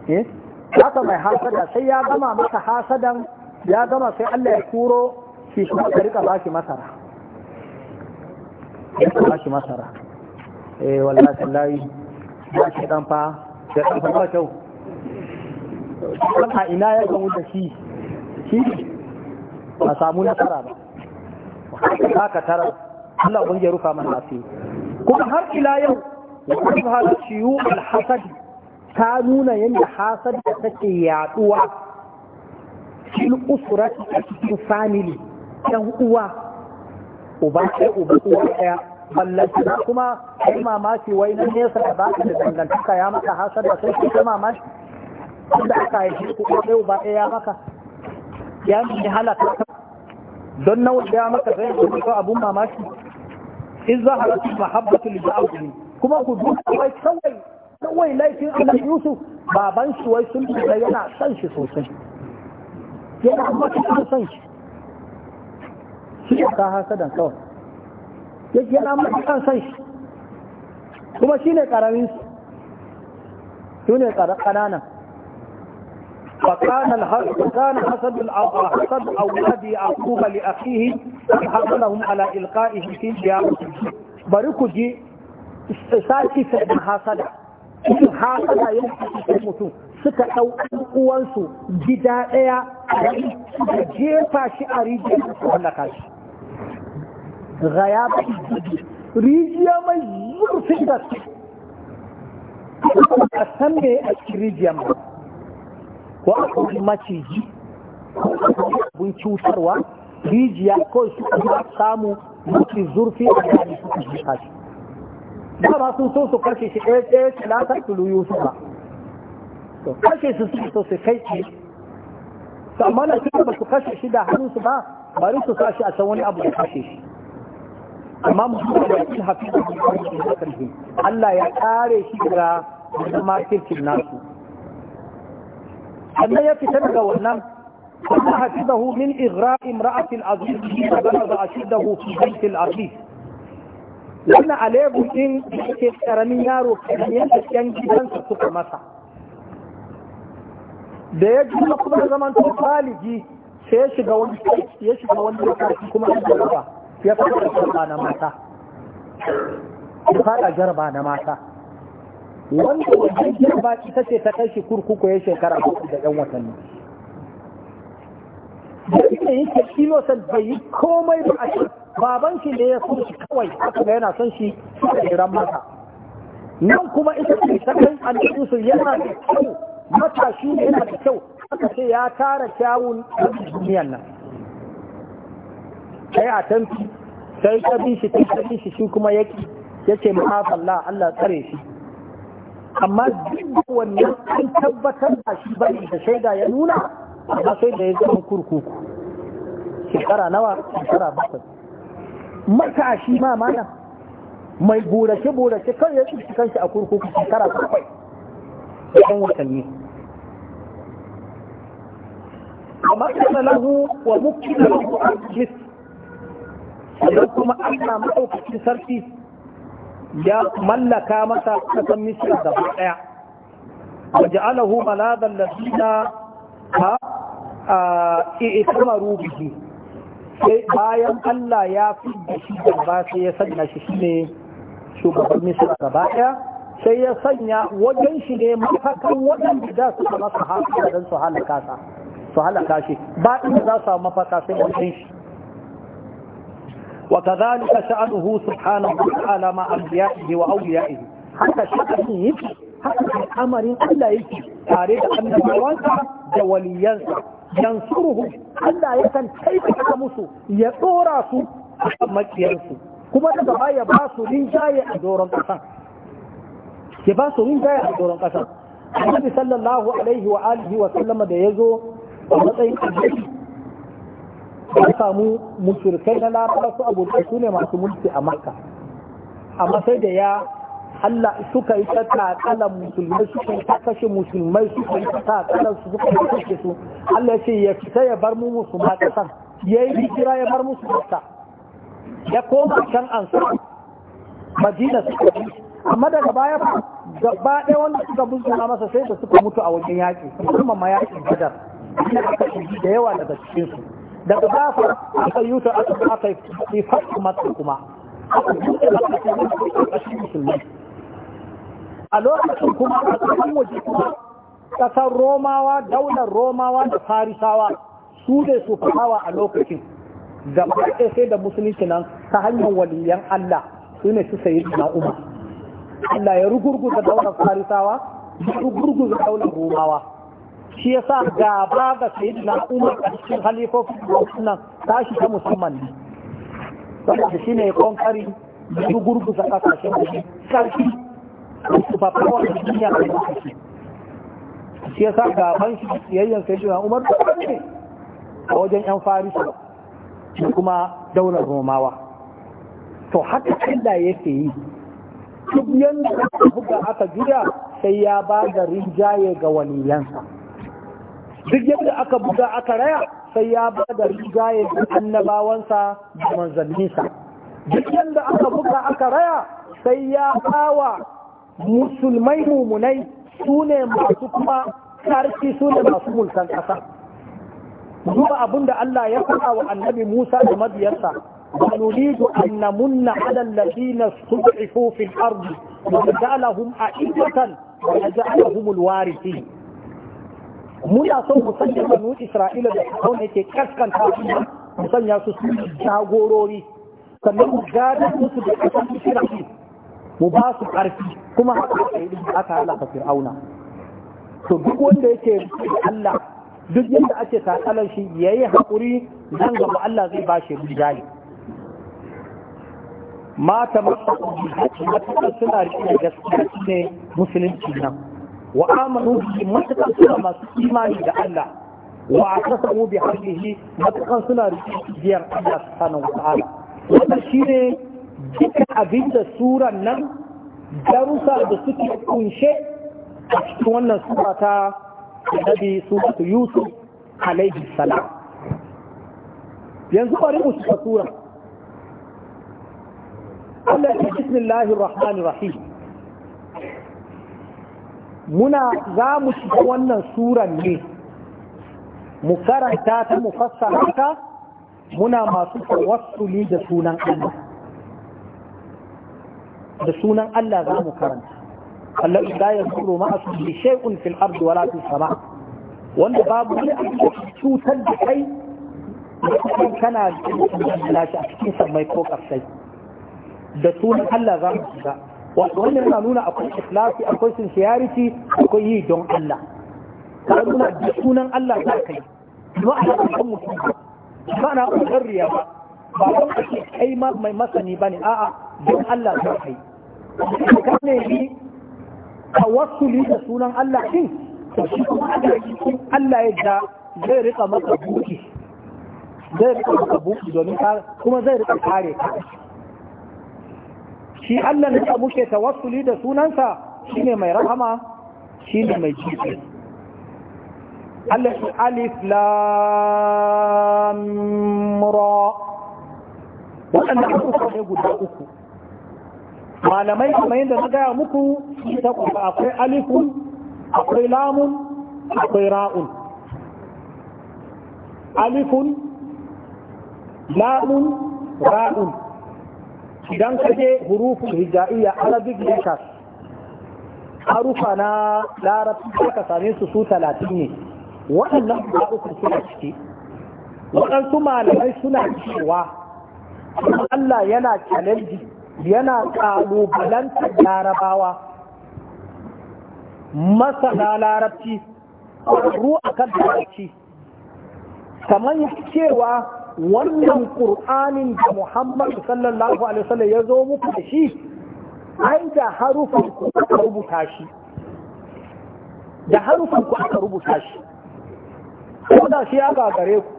eh, haka mai hasada sai ya gama masa hasadan ya gama sai Allah ya turo shi shi ka rika ba shi masara ya ba shi masara eh wallahi tallahi ba shi dan fa da dan fa ba kyau a ina ya gamu da shi shi ba samu nasara ba za ka tara Allah ubangi ya rufa mana asiri kuma har ila yau wasu hala shiyu alhasad ta nuna yadda hasad da take yaduwa fil usrati a cikin family yan uwa uba ɗaya uba uwa ɗaya ballanta na kuma kai mamaki wai na nesa da ba ka da dangantaka ya maka hasar da sai kai mamaki inda aka haifi ku ɗaya uba ɗaya maka ya ta halaka don na ya maka zai da kusa abun mamaki in za a rasu mahabbatu gudu. kuma ku duka wai kawai kawai laifin annabi yusuf baban shi wai sun fita yana san shi sosai yana matuƙar san shi shi ya ka dan kawai yake yana matuƙar san shi kuma shi ne ƙaramin su ne ƙananan فكان الهرب كان حسد الحسد أولاد يعقوب لاخيه حملهم على القائه في الجامعة بركو جي ساكي سيدنا حسد حسد يمكن تموتوا سكا او قوانسو جدا ايا جيفا شي اريجي ولكاش غياب ريجيا ما يزور في الجامعة أسمي ريجيا ما wa akwai maciji abin cutarwa rijiya ko su samu mafi zurfi a yanzu jika shi kashi dama sun so su kashe shi ɗaya ɗaya talatar su ba to kashe su su so su kai ce to amma na cikin ba su kashe shi da hannunsu ba bari su sa shi a can wani abu da kashe shi amma mutum da ya hafi da mutum da Allah ya kare shi daga kirkin nasu sannan ya fitar daga wannan sannan hafizahu min igra imra'atil aziz da balaga ashiddahu fi baitil aziz wannan alebu din ke karamin yaro kan yan gidansa suka masa da ya ji kuma da zaman to baligi sai ya shiga wani ya shiga wani kuma an jaraba ya fara jaraba na mata ya fara jaraba na mata wanda wajen ba ita ce ta kashi kurkuku ya shekara uku da yan watanni da ita yake innocent bai yi komai ba a shi baban shi ne ya so shi kawai aka ga yana son shi suka jiran mata nan kuma ita ce ta kan annabi su yana da kyau matashi ne yana da kyau aka ce ya tara kyawun duniyan nan sai a tanfi sai ta bi shi ta bi shi shi kuma yake yace ma'afallah Allah tsare shi amma duk wannan an tabbatar da shi ba da shaida ya nuna amma sai da ya zama kurkuku shekara nawa shekara bakwai matashi ma mana mai burace burace kawai ya tsinci kanshi a kurkuku shekara bakwai da kan watanni amma kana lahu wa mukina lahu al-jis sannan kuma Allah maɗaukacin sarki ya mallaka masa kasan misira da daya wa ja'alahu maladan ladina ha a i'tamaru bihi sai bayan Allah ya fi da shi gaba sai ya sanya shi shine shugaban misira gabaɗaya, daya sai ya sanya wajen shi ne mafakan waɗanda za su masa haka don su halaka shi ba inda za su samu mafaka sai wajen shi وكذلك شأنه سبحانه وتعالى مع أنبيائه وأوليائه حتى شأنه يبكي حتى أمر ألا يبكي تاريد أن نوانسا جوليانسا yansuruhu Allah ya san taimaka musu ya dora su a makiyarsu kuma daga baya ya ba su rinjaye a doron ƙasa ya ba su rinjaye a doron ƙasa annabi sallallahu alaihi wa alihi wa sallama da a matsayin an samu musulkai na laraba su abokai su ne masu mulki a makka amma sai da ya Allah suka yi ta takalan musulmai suka yi ta kashe musulmai suka yi ta takalan su suka yi ta kashe su Allah ce ya fita ya bar mu musu ma kasan ya yi hijira ya bar musu makka ya koma can ansar madina suka yi amma daga baya gaba ɗaya wanda suka a masa sai da suka mutu a wajen yaƙi musamman ma yaƙin badar da yawa daga cikinsu da gafa aka yi ta aka aka fi fasu mata kuma a lokacin kuma a cikin waje kuma ƙasar romawa daular romawa da farisawa su ne su fahawa a lokacin da ɗaya sai da musulunci nan ta hanyar waliyan Allah su ne su sayi na umar Allah ya da daular farisawa ya da daular romawa shi ya sa gaba ga sayi umar a cikin halifofin wannan tashi ta musamman ne saboda shi ne konkari da gurguza kasashen da karfi su ba kawai da duniya a lokaci shi ya sa gaban shi siyayyan sayi na umar da ne a wajen yan farisa da kuma daular romawa to haka Allah yake yi duk yanda aka buga aka juya sai ya ba da rinjaye ga waliyansa duk yadda aka buga aka raya sai ya ba da rigayen annabawansa da manzanninsa duk yadda aka buga aka raya sai ya bawa musulmai mumunai su ne masu kuma karfi su ne masu mulkan ƙasa zuwa abin da Allah ya faɗa wa annabi Musa da mabiyarsa ونريد أن نمن على الذين استضعفوا في الأرض ونجعلهم أئمة ونجعلهم الوارثين muna son ku sanya banu isra'ila da kawai ke kaskanta su mu sanya su su jagorori sannan mu gada musu da kasan isra'ila mu ba su ƙarfi kuma haka sai yi aka halaka fir'auna to duk wanda yake Allah duk yadda ake takalar shi yayi haƙuri nan gaba Allah zai ba shi rijali mata masu suna riƙe da gaskiya ne musulunci nan wa amanu bi matakan suna masu imani da Allah wa akasamu bi hadihi matakan suna rijiyar Allah subhanahu wa ta'ala wannan shine duka abin da suran nan darussa da suke kunshe a cikin wannan sura ta Nabi Suratu Yusuf alaihi salam yanzu bari mu shiga sura Allah ya bismillahir rahmanir rahim muna za mu shiga wannan suran ne mu karanta ta mu fassara ta muna masu tawassuli da sunan Allah da sunan Allah za mu karanta Allah la yazkuru ma asu bi shay'un fil ardi wala fis sama wanda babu wani abu cutar da kai kana da shi a cikin sammai ko kasai da sunan Allah za mu shiga wato wannan yana nuna akwai ikhlasi akwai sincerity akwai yi don Allah ka nuna da sunan Allah za ka yi ba a yi kan mutum ba na ƙoƙar riya ba ba don ake kai ma mai masani ba ne a'a don Allah za ka yi ka ne yi tawassuli da sunan Allah din to shi kuma Allah ya da zai rika maka buki zai rika maka buki domin kuma zai rika kare ka shi Allah da muke tawassuli da sunansa shine mai rahama shine mai jiki Allah shi alif lam ra wannan abubuwa ne guda uku malamai kamar yadda na gaya muku ta kuma akwai alifun akwai lamun akwai ra'un alifun lamun ra'un idan ka je hurufin hijaiya arabic letters harufa na larabci ka same su su talatin ne waɗannan guda suna ciki waɗansu malamai suna cewa Allah yana challenge yana ƙalubalantar larabawa masana larabci ruwa kan larabci kamar cewa wannan ƙur'anin da Muhammad sallallahu alaihi wasallam ya zo muku da shi ai da harufan ku aka rubuta shi da harufan aka rubuta shi ko da shi ya gagare ku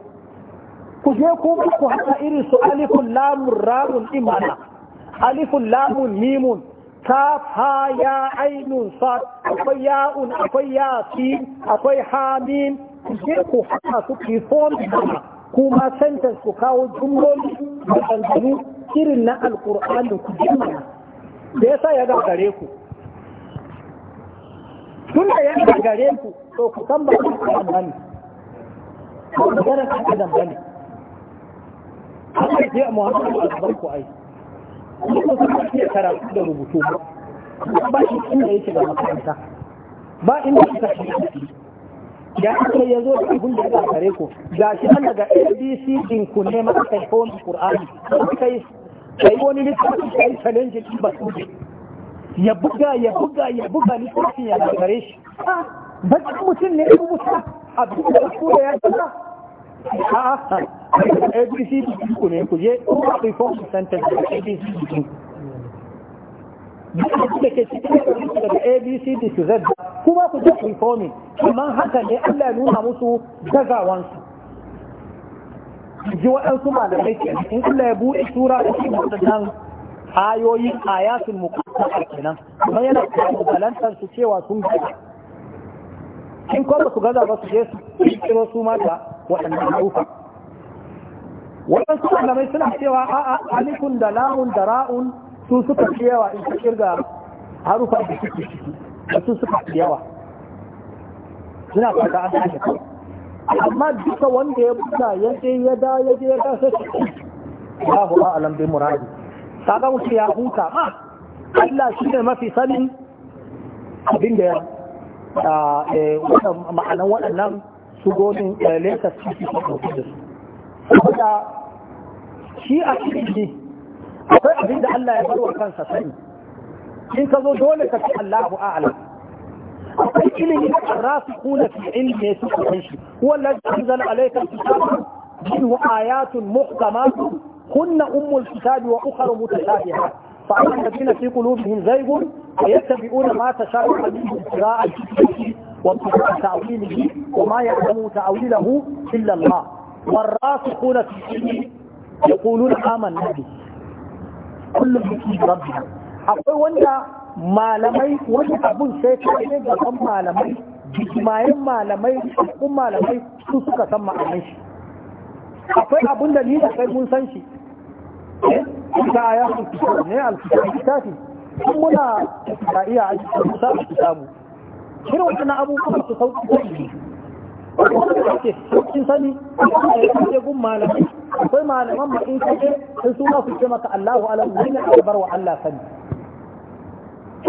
ku je ku ku haɗa irin su alifun lamun ra'un imana alifun lamun mimun ta, ha ya ainun sad akwai ya'un akwai yasin akwai hamim ku je ku haɗa su ki fon kuma sentence ku kawo jumloli da ɗanɗanu irin na alƙur'ani ku jimma da sa ya gagare ku tun da ya gagare ku to ku san ba ku san ba ne da magana ka da ba ne ya mu a da ban ku ai ku su ka iya tara da rubutu ba ba shi inda yake da makaranta ba inda suka shi da aka ya zo da abin da ya kare ku ga shi an daga abc din ku ne ma aka yi kowani qur'ani aka yi kai wani ne ka yi challenge din ba su ya buga ya buga ya buga ni littafin ya kare shi ba shi mutun ne ku mutun abu da ku da ya tsaka a a abc din ku ne ku je ku yi form center abc din ku duk da ke cikin daga abcd to z kuma ku je reforming amma haka ne allah nuna musu gazawansu ji waɗansu malamai ke in allah ya buɗe sura da shi waɗannan ayoyi ayatul muqaddasa kenan kuma yana galantar su cewa sun gaza in kuma su gaza ba su je su kiro su mata waɗannan rufa waɗansu malamai suna cewa a'a alifun da lamun da ra'un su suka fi yawa in ka kirga harufa da suke ciki da su suka fi yawa suna fata an tashi amma duka wanda ya buga ya je ya da ya je ya da sai ya ba a bi muradi ga mutum ya huta ma Allah shi ne mafi sanin abin da ya e, ma'anan waɗannan su gonin e, latest ciki da su. Saboda shi a cikin akwai abin da Allah ya barwa kansa sani in ka zo dole ka ci Allahu a'lam akwai ilimi da rasu kuna fi ilmi ya suka san shi wallahi anzal alayka kitaba minhu ayatun muhkamat kunna ummul kitabi wa ukhra mutashabihat فأما الذين في قلوبهم زيغ فيتبعون ما تشابه منه ابتغاء الفتنة وابتغاء تأويله وما يعلم تأويله إلا الله والراسخون في العلم يقولون آمنا به kullum biki rabbiha akwai wanda malamai wani abun sai ta ne gaban malamai jimayen malamai kun malamai su suka san ma'anin shi akwai abun da ni da kai mun san shi eh, ta aya ne alkitabi kun muna da iya aiki kusa a kitabu wata na abubuwan su sauƙi sauƙi wanda ke sauƙin sani a kan malamai akwai malaman ma in kaje sai su ma su ce maka Allahu alam ne albar wa Allah sani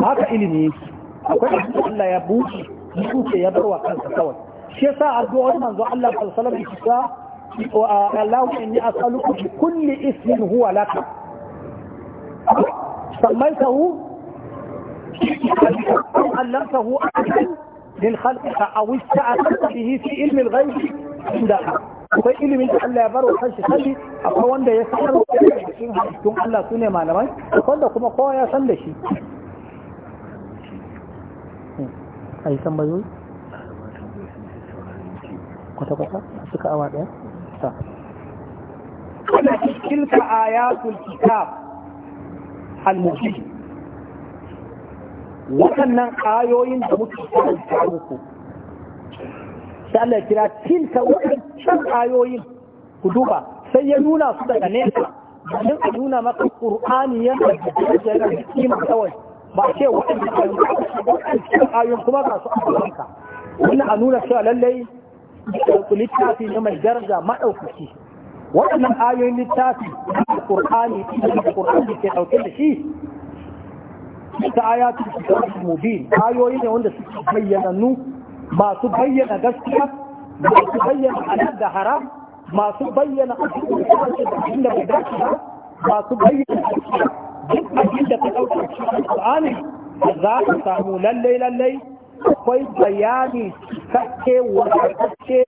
haka ilimi akwai Allah ya buci buce ya bar wa kansa kawai shi yasa addu'ar manzo Allah sallallahu alaihi wasallam wa Allahu inni as'aluka bi kulli ismin huwa laka sammaitahu علمته أحدا للخلق أو استعملت به في علم الغيب عندها akwai ilimin da Allah ya bar wa kanshi sani akwai wanda ya sanar da cikin halittun Allah su ne malamai da kuma kowa ya san da shi ai tambayoyi kwata kwata suka awa ta tilka al waɗannan ayoyin da muke karanta muku sai Allah ya kira tilka waɗancan ayoyin ku duba sai ya nuna su daga nesa domin a nuna maka Qur'ani ya da jirgin kima kawai ba ce waɗancan ayoyin kuma ga su amfanka wannan a nuna cewa lallai littafi ne mai daraja maɗaukaki waɗannan ayoyin littafi da Qur'ani da Qur'ani ke ɗauke da shi ta ayatul kitabul mubin ayoyi ne wanda suke bayyana nu ba su bayyana gaskiya ba su bayyana halal da haram masu bayyana abin da bai dace ba su bayyana duk abin da ta dauka cikin Qur'ani za ka samu lallai lallai akwai bayani cikakke warkarce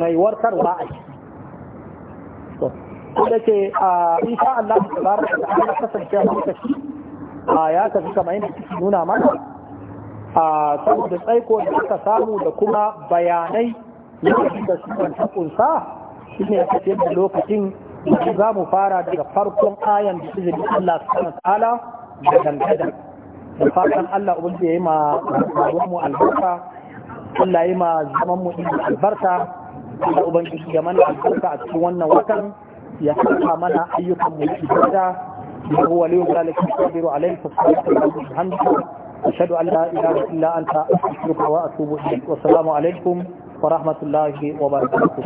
mai warkarwa a ciki ko ke a insha Allah tabaraka ta'ala kasance a lokaci a ya tafi kamar nuna mana a saboda tsaiko da aka samu da kuma bayanai da sukan takunsa shi ne aka da lokacin da za mu fara daga farkon ayan da izini Allah subhanahu da dangada da fatan Allah ubangiji yayi ma mu albarka Allah yayi ma zaman mu albarka da ubangiji ya mana albarka a cikin wannan watan ya saka mana ayyukan mu ibada وهو ولي ذلك القادر عليه سبحانك اللهم وبحمدك أشهد أن لا إله إلا أنت أستغفرك وأتوب إليك والسلام عليكم ورحمة الله وبركاته